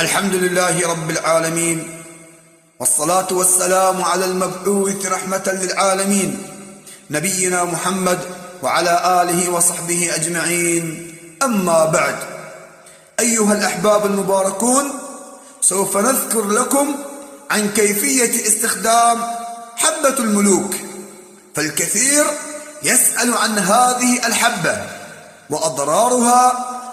الحمد لله رب العالمين والصلاة والسلام على المبعوث رحمة للعالمين نبينا محمد وعلى آله وصحبه أجمعين أما بعد أيها الأحباب المباركون سوف نذكر لكم عن كيفية استخدام حبة الملوك فالكثير يسأل عن هذه الحبة وأضرارها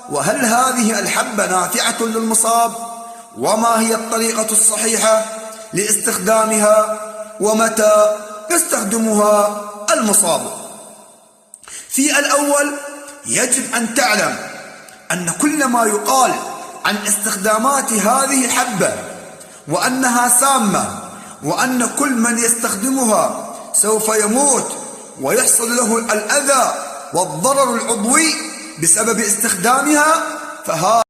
وهل هذه الحبة نافعة للمصاب؟ وما هي الطريقة الصحيحة لاستخدامها ومتى يستخدمها المصاب في الأول يجب أن تعلم أن كل ما يقال عن استخدامات هذه الحبة وأنها سامة وأن كل من يستخدمها سوف يموت ويحصل له الأذى والضرر العضوي بسبب استخدامها فهذا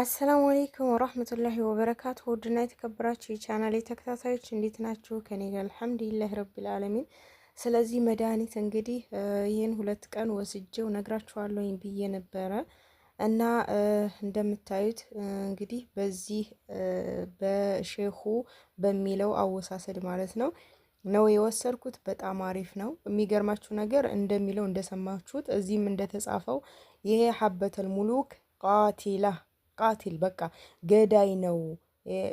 አሰላሙ አሌይኩም ወራህመቱላሂ ወበረካቱ። ውድና የተከበራችሁ የቻናሌ ተከታታዮች እንዴት ናችሁ? ከኔ ጋር አልሐምዱሊላህ ረቢል አለሚን። ስለዚህ መድኃኒት እንግዲህ ይህን ሁለት ቀን ወስጄው ነግራችኋለሁኝ ብዬ ነበረ እና እንደምታዩት እንግዲህ በዚህ በሼሁ በሚለው አወሳሰድ ማለት ነው ነው የወሰድኩት። በጣም አሪፍ ነው። የሚገርማችሁ ነገር እንደሚለው እንደሰማችሁት እዚህም እንደተጻፈው ይሄ ሀበተል ሙሉክ ቃቲላ ቃቲል በቃ ገዳይ ነው።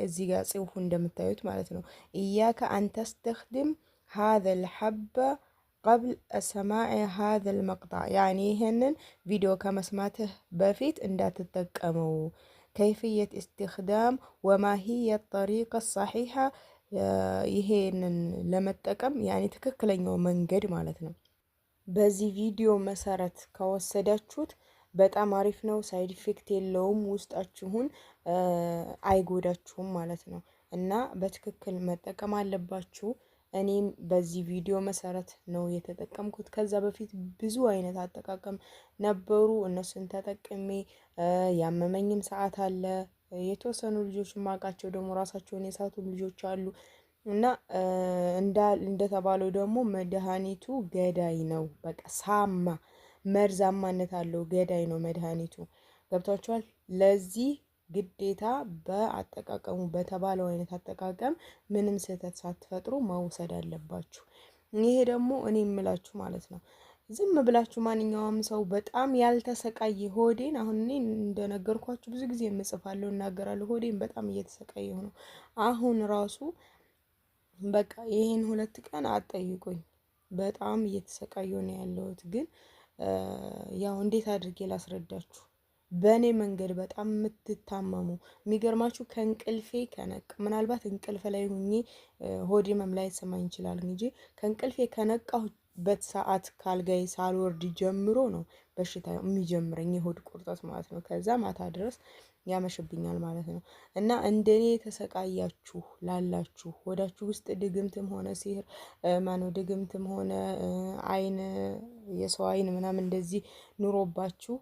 እዚህ ጋር ጽሁፉ እንደምታዩት ማለት ነው። እያከ አንተስተክድም ሀዘል ሐበ ቀብል ሰማዕ ሀዘል መቅጣዕ ያኒ ይህንን ቪዲዮ ከመስማትህ በፊት እንዳትጠቀመው። ከይፍየት እስትክዳም ወማሂየ ጠሪቀ ሳሒሓ ይሄንን ለመጠቀም ያኔ ትክክለኛው መንገድ ማለት ነው። በዚህ ቪዲዮ መሰረት ከወሰዳችሁት በጣም አሪፍ ነው። ሳይድ ኢፌክት የለውም። ውስጣችሁን አይጎዳችሁም ማለት ነው እና በትክክል መጠቀም አለባችሁ። እኔም በዚህ ቪዲዮ መሰረት ነው የተጠቀምኩት። ከዛ በፊት ብዙ አይነት አጠቃቀም ነበሩ። እነሱን ተጠቅሜ ያመመኝም ሰዓት አለ። የተወሰኑ ልጆች ማውቃቸው ደግሞ ራሳቸውን የሳቱ ልጆች አሉ እና እንደተባለው ደግሞ መድኃኒቱ ገዳይ ነው። በቃ ሳማ መርዛማነት አለው። ገዳይ ነው መድኃኒቱ። ገብቷችኋል? ለዚህ ግዴታ በአጠቃቀሙ በተባለው አይነት አጠቃቀም ምንም ስህተት ሳትፈጥሩ መውሰድ አለባችሁ። ይሄ ደግሞ እኔ የምላችሁ ማለት ነው ዝም ብላችሁ ማንኛውም ሰው በጣም ያልተሰቃየ ሆዴን አሁን እኔ እንደነገርኳችሁ ብዙ ጊዜ የምጽፋለሁ እናገራለሁ። ሆዴን በጣም እየተሰቃየ ነው። አሁን ራሱ በቃ ይህን ሁለት ቀን አጠይቁኝ በጣም እየተሰቃየ ነው ያለሁት ግን ያው እንዴት አድርጌ ላስረዳችሁ። በእኔ መንገድ በጣም የምትታመሙ የሚገርማችሁ ከእንቅልፌ ከነቅ ምናልባት እንቅልፍ ላይ ሁኜ ሆዴ መም ላይ ሰማኝ ይችላል እንጂ ከእንቅልፌ ከነቃሁበት ሰዓት ካልጋይ ሳልወርድ ጀምሮ ነው በሽታ የሚጀምረኝ የሆድ ቁርጠት ማለት ነው። ከዛ ማታ ድረስ ያመሽብኛል ማለት ነው። እና እንደኔ የተሰቃያችሁ ላላችሁ ወዳችሁ ውስጥ ድግምትም ሆነ ሲህር ማነው ድግምትም ሆነ አይን የሰው አይን ምናምን እንደዚህ ኑሮባችሁ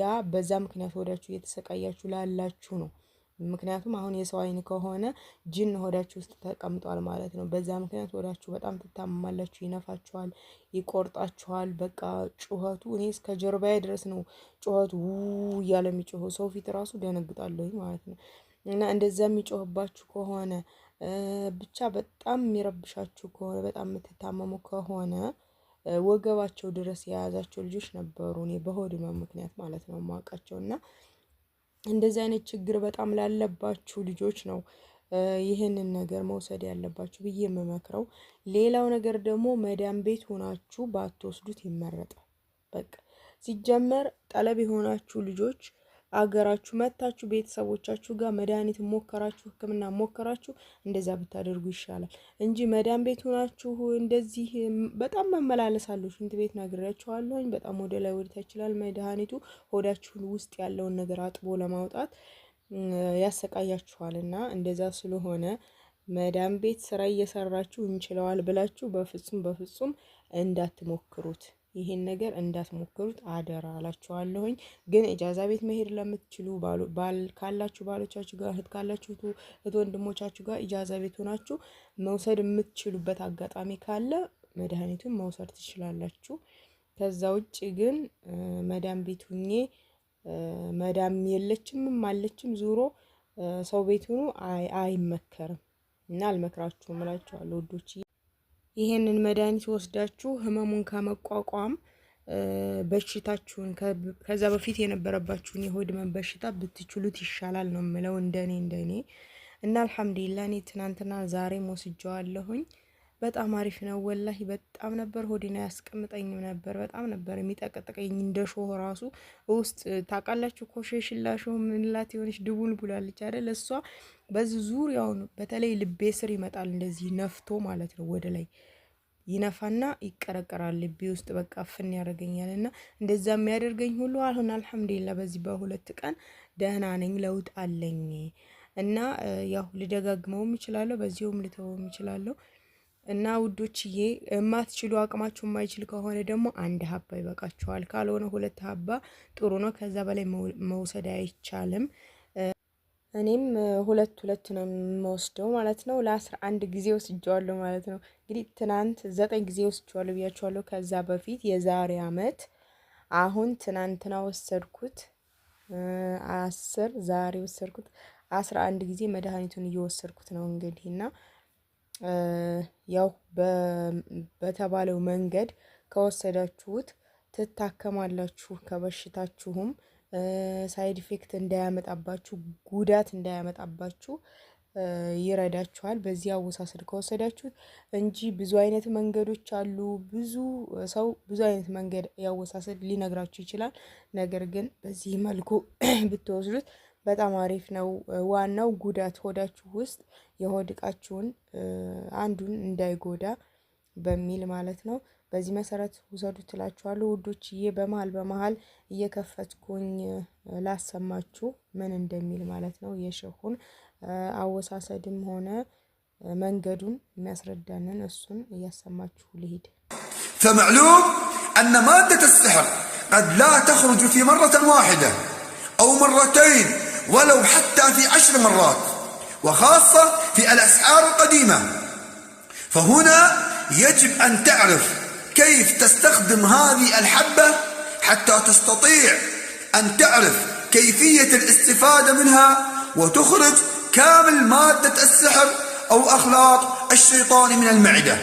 ያ በዛ ምክንያት ወዳችሁ እየተሰቃያችሁ ላላችሁ ነው ምክንያቱም አሁን የሰው አይን ከሆነ ጅን ሆዳችሁ ውስጥ ተቀምጧል ማለት ነው። በዛ ምክንያት ሆዳችሁ በጣም ትታመማላችሁ፣ ይነፋችኋል፣ ይቆርጣችኋል። በቃ ጩኸቱ እኔ እስከ ጀርባዬ ድረስ ነው ጩኸቱ ው እያለ የሚጮኸው ሰው ፊት ራሱ ደነግጣለሁ ማለት ነው። እና እንደዛ የሚጮህባችሁ ከሆነ ብቻ በጣም የሚረብሻችሁ ከሆነ በጣም የምትታመሙ ከሆነ ወገባቸው ድረስ የያዛቸው ልጆች ነበሩ። እኔ በሆድ ምክንያት ማለት ነው የማውቃቸው እና እንደዚህ አይነት ችግር በጣም ላለባችሁ ልጆች ነው ይህንን ነገር መውሰድ ያለባችሁ ብዬ የምመክረው። ሌላው ነገር ደግሞ መዳም ቤት ሆናችሁ ባትወስዱት ይመረጣል። በቃ ሲጀመር ጠለብ የሆናችሁ ልጆች አገራችሁ መታችሁ ቤተሰቦቻችሁ ጋር መድኃኒት ሞከራችሁ፣ ህክምና ሞከራችሁ፣ እንደዛ ብታደርጉ ይሻላል እንጂ መዳን ቤት ሆናችሁ እንደዚህ በጣም መመላለሳለሁ። ሽንት ቤት ነግሬያችኋለሁኝ። በጣም ወደ ላይ ወደታ ይችላል። መድኃኒቱ ሆዳችሁን ውስጥ ያለውን ነገር አጥቦ ለማውጣት ያሰቃያችኋል እና እንደዛ ስለሆነ መዳን ቤት ስራ እየሰራችሁ እንችለዋል ብላችሁ በፍጹም በፍጹም እንዳትሞክሩት። ይሄን ነገር እንዳትሞክሩት አደራ አላችኋለሁኝ። ግን እጃዛ ቤት መሄድ ለምትችሉ ካላችሁ ባሎቻችሁ ጋር፣ እህት ካላችሁ እህት ወንድሞቻችሁ ጋር እጃዛ ቤት ሆናችሁ መውሰድ የምትችሉበት አጋጣሚ ካለ መድኃኒቱን መውሰድ ትችላላችሁ። ከዛ ውጭ ግን መዳም ቤት ሁኜ መዳም የለችም አለችም ዙሮ ሰው ቤት ሆኖ አይመከርም እና አልመክራችሁም እላችኋለሁ ውዶች። ይሄንን መድኃኒት ወስዳችሁ ህመሙን ከመቋቋም በሽታችሁን ከዛ በፊት የነበረባችሁን የሆድ ህመም በሽታ ብትችሉት ይሻላል ነው የምለው እንደኔ እንደኔ እና አልሐምዱሊላህ እኔ ትናንትና ዛሬም ወስጀዋለሁኝ። በጣም አሪፍ ነው። ወላሂ በጣም ነበር ሆዴን አያስቀምጠኝም ነበር። በጣም ነበር የሚጠቀጥቀኝ እንደ ሾህ ራሱ ውስጥ ታውቃላችሁ። ኮሼ ሾህ ምንላት የሆነች ድቡን ብላለች አይደል? እሷ በዚህ ዙሪያውን በተለይ ልቤ ስር ይመጣል እንደዚህ ነፍቶ ማለት ነው ወደ ላይ ይነፋና ይቀረቀራል ልቤ ውስጥ በቃ ፍን ያደርገኛል። እና እንደዛ የሚያደርገኝ ሁሉ አሁን አልሐምዱሊላ በዚህ በሁለት ቀን ደህና ነኝ፣ ለውጥ አለኝ። እና ያው ልደጋግመውም ይችላለሁ፣ በዚሁም ልተውም ይችላለሁ። እና ውዶችዬ የማትችሉ አቅማችሁ የማይችል ከሆነ ደግሞ አንድ ሀባ ይበቃችኋል። ካልሆነ ሁለት ሀባ ጥሩ ነው። ከዛ በላይ መውሰድ አይቻልም። እኔም ሁለት ሁለት ነው የምወስደው ማለት ነው። ለአስራ አንድ ጊዜ ወስጀዋለሁ ማለት ነው። እንግዲህ ትናንት ዘጠኝ ጊዜ ወስጀዋለሁ ብያቸዋለሁ። ከዛ በፊት የዛሬ አመት፣ አሁን ትናንትና ወሰድኩት አስር ዛሬ ወሰድኩት አስራ አንድ ጊዜ መድኃኒቱን እየወሰድኩት ነው እንግዲህ እና ያው በተባለው መንገድ ከወሰዳችሁት ትታከማላችሁ። ከበሽታችሁም ሳይድ ኢፌክት እንዳያመጣባችሁ፣ ጉዳት እንዳያመጣባችሁ ይረዳችኋል። በዚህ አወሳሰድ ከወሰዳችሁት እንጂ ብዙ አይነት መንገዶች አሉ። ብዙ ሰው ብዙ አይነት መንገድ ያወሳሰድ ሊነግራችሁ ይችላል። ነገር ግን በዚህ መልኩ ብትወስዱት በጣም አሪፍ ነው። ዋናው ጉዳት ሆዳችሁ ውስጥ የሆድ እቃችሁን አንዱን እንዳይጎዳ በሚል ማለት ነው። በዚህ መሰረት ውሰዱ ትላችኋለሁ ውዶችዬ። በመሀል በመሀል እየከፈትኩኝ ላሰማችሁ ምን እንደሚል ማለት ነው። የሸሁን አወሳሰድም ሆነ መንገዱን የሚያስረዳንን እሱን እያሰማችሁ ልሂድ። فمعلوم أن مادة السحر قد لا تخرج في مرة واحدة أو مرتين ولو حتى في عشر مرات وخاصة في الأسعار القديمة فهنا يجب أن تعرف كيف تستخدم هذه الحبة حتى تستطيع أن تعرف كيفية الاستفادة منها وتخرج كامل مادة السحر أو أخلاط الشيطان من المعدة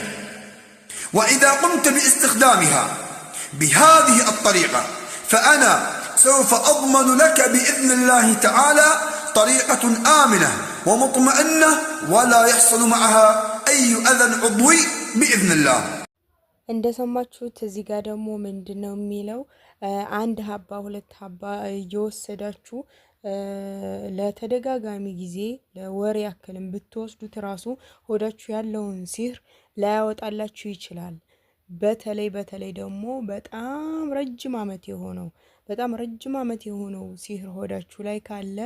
وإذا قمت باستخدامها بهذه الطريقة فأنا سوف أضمن لك بإذن الله تعالى طريقة آمنة ومطمئنة ولا يحصل معها أي أذى عضوي بإذن الله እንደሰማችሁት እዚህ ጋር ደግሞ ምንድን ነው የሚለው? አንድ ሀባ ሁለት ሀባ እየወሰዳችሁ ለተደጋጋሚ ጊዜ ለወር ያክልም ብትወስዱት ራሱ ሆዳችሁ ያለውን ሲህር ላያወጣላችሁ ይችላል። በተለይ በተለይ ደግሞ በጣም ረጅም ዓመት የሆነው በጣም ረጅም ዓመት የሆነው ሲህር ሆዳችሁ ላይ ካለ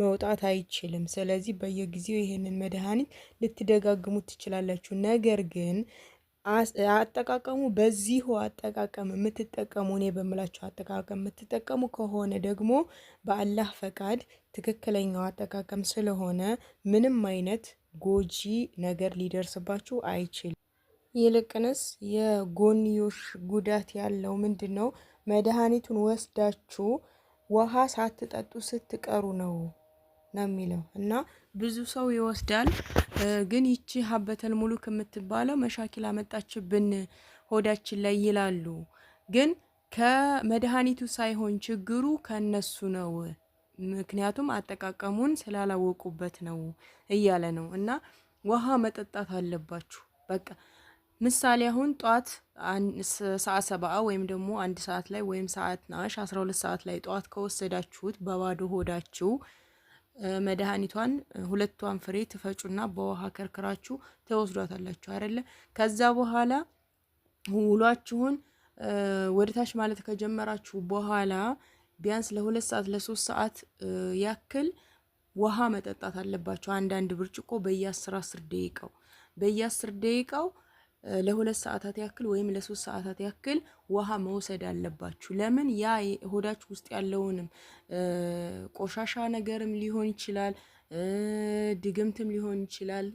መውጣት አይችልም። ስለዚህ በየጊዜው ይሄንን መድኃኒት ልትደጋግሙት ትችላላችሁ። ነገር ግን አጠቃቀሙ በዚሁ አጠቃቀም የምትጠቀሙ እኔ በምላቸው አጠቃቀም የምትጠቀሙ ከሆነ ደግሞ በአላህ ፈቃድ ትክክለኛው አጠቃቀም ስለሆነ ምንም አይነት ጎጂ ነገር ሊደርስባችሁ አይችልም። ይልቅንስ የጎንዮሽ ጉዳት ያለው ምንድን ነው? መድኃኒቱን ወስዳችሁ ውሃ ሳትጠጡ ስትቀሩ ነው ነው የሚለው እና ብዙ ሰው ይወስዳል። ግን ይቺ ሀበተል ሙሉ ከምትባለው መሻኪል አመጣችብን ሆዳችን ላይ ይላሉ። ግን ከመድኃኒቱ ሳይሆን ችግሩ ከነሱ ነው። ምክንያቱም አጠቃቀሙን ስላላወቁበት ነው እያለ ነው። እና ውሃ መጠጣት አለባችሁ በቃ ምሳሌ አሁን ጠዋት ሰዓት ሰባ ወይም ደግሞ አንድ ሰዓት ላይ ወይም ሰዓት ናሽ አስራ ሁለት ሰዓት ላይ ጠዋት ከወሰዳችሁት በባዶ ሆዳችሁ መድኃኒቷን ሁለቷን ፍሬ ትፈጩና በውሃ ከርክራችሁ ተወስዷታላችሁ አይደለ? ከዛ በኋላ ውሏችሁን ወደታች ማለት ከጀመራችሁ በኋላ ቢያንስ ለሁለት ሰዓት ለሶስት ሰዓት ያክል ውሃ መጠጣት አለባቸው። አንዳንድ ብርጭቆ በየአስር አስር ደቂቃው በየአስር ደቂቃው ለሁለት ሰዓታት ያክል ወይም ለሶስት ሰዓታት ያክል ውሃ መውሰድ አለባችሁ። ለምን ያ ሆዳችሁ ውስጥ ያለውንም ቆሻሻ ነገርም ሊሆን ይችላል፣ ድግምትም ሊሆን ይችላል፣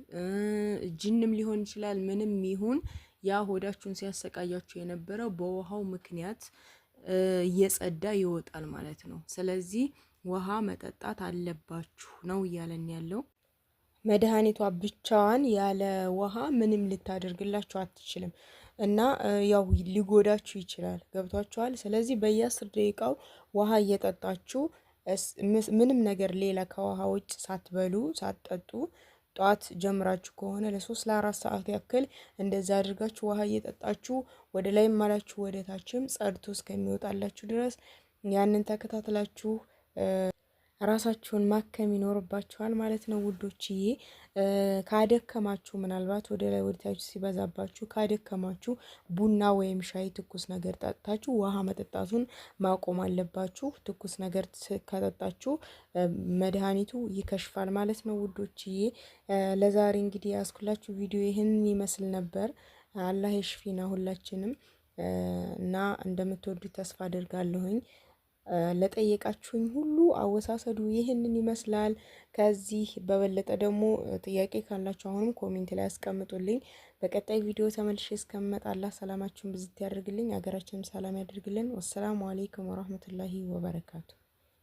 ጅንም ሊሆን ይችላል። ምንም ይሁን ያ ሆዳችሁን ሲያሰቃያችሁ የነበረው በውሃው ምክንያት እየጸዳ ይወጣል ማለት ነው። ስለዚህ ውሃ መጠጣት አለባችሁ ነው እያለን ያለው። መድኃኒቷ ብቻዋን ያለ ውሃ ምንም ልታደርግላችሁ አትችልም እና ያው ሊጎዳችሁ ይችላል። ገብቷችኋል? ስለዚህ በየአስር ደቂቃው ውሃ እየጠጣችሁ ምንም ነገር ሌላ ከውሃ ውጭ ሳትበሉ ሳትጠጡ ጠዋት ጀምራችሁ ከሆነ ለሶስት ለአራት ሰዓት ያክል እንደዛ አድርጋችሁ ውሃ እየጠጣችሁ ወደ ላይም አላችሁ ወደ ታችም ጸድቶ እስከሚወጣላችሁ ድረስ ያንን ተከታትላችሁ ራሳችሁን ማከም ይኖርባችኋል ማለት ነው ውዶችዬ። ካደከማችሁ ምናልባት ወደ ላይ ወደታችሁ ሲበዛባችሁ ካደከማችሁ ቡና ወይም ሻይ ትኩስ ነገር ጠጥታችሁ ውሃ መጠጣቱን ማቆም አለባችሁ። ትኩስ ነገር ከጠጣችሁ መድኃኒቱ ይከሽፋል ማለት ነው ውዶችዬ። ለዛሬ እንግዲህ ያስኩላችሁ ቪዲዮ ይህን ይመስል ነበር። አላህ የሽፊና ሁላችንም እና እንደምትወዱት ተስፋ አድርጋለሁኝ። ለጠየቃችሁኝ ሁሉ አወሳሰዱ ይህንን ይመስላል። ከዚህ በበለጠ ደግሞ ጥያቄ ካላችሁ አሁንም ኮሜንት ላይ አስቀምጡልኝ በቀጣይ ቪዲዮ ተመልሼ እስከምመጣላ ሰላማችሁን ብዝት ያደርግልኝ፣ ሀገራችንም ሰላም ያደርግልን። ወሰላሙ አሌይኩም ወረህመቱላሂ ወበረካቱሁ።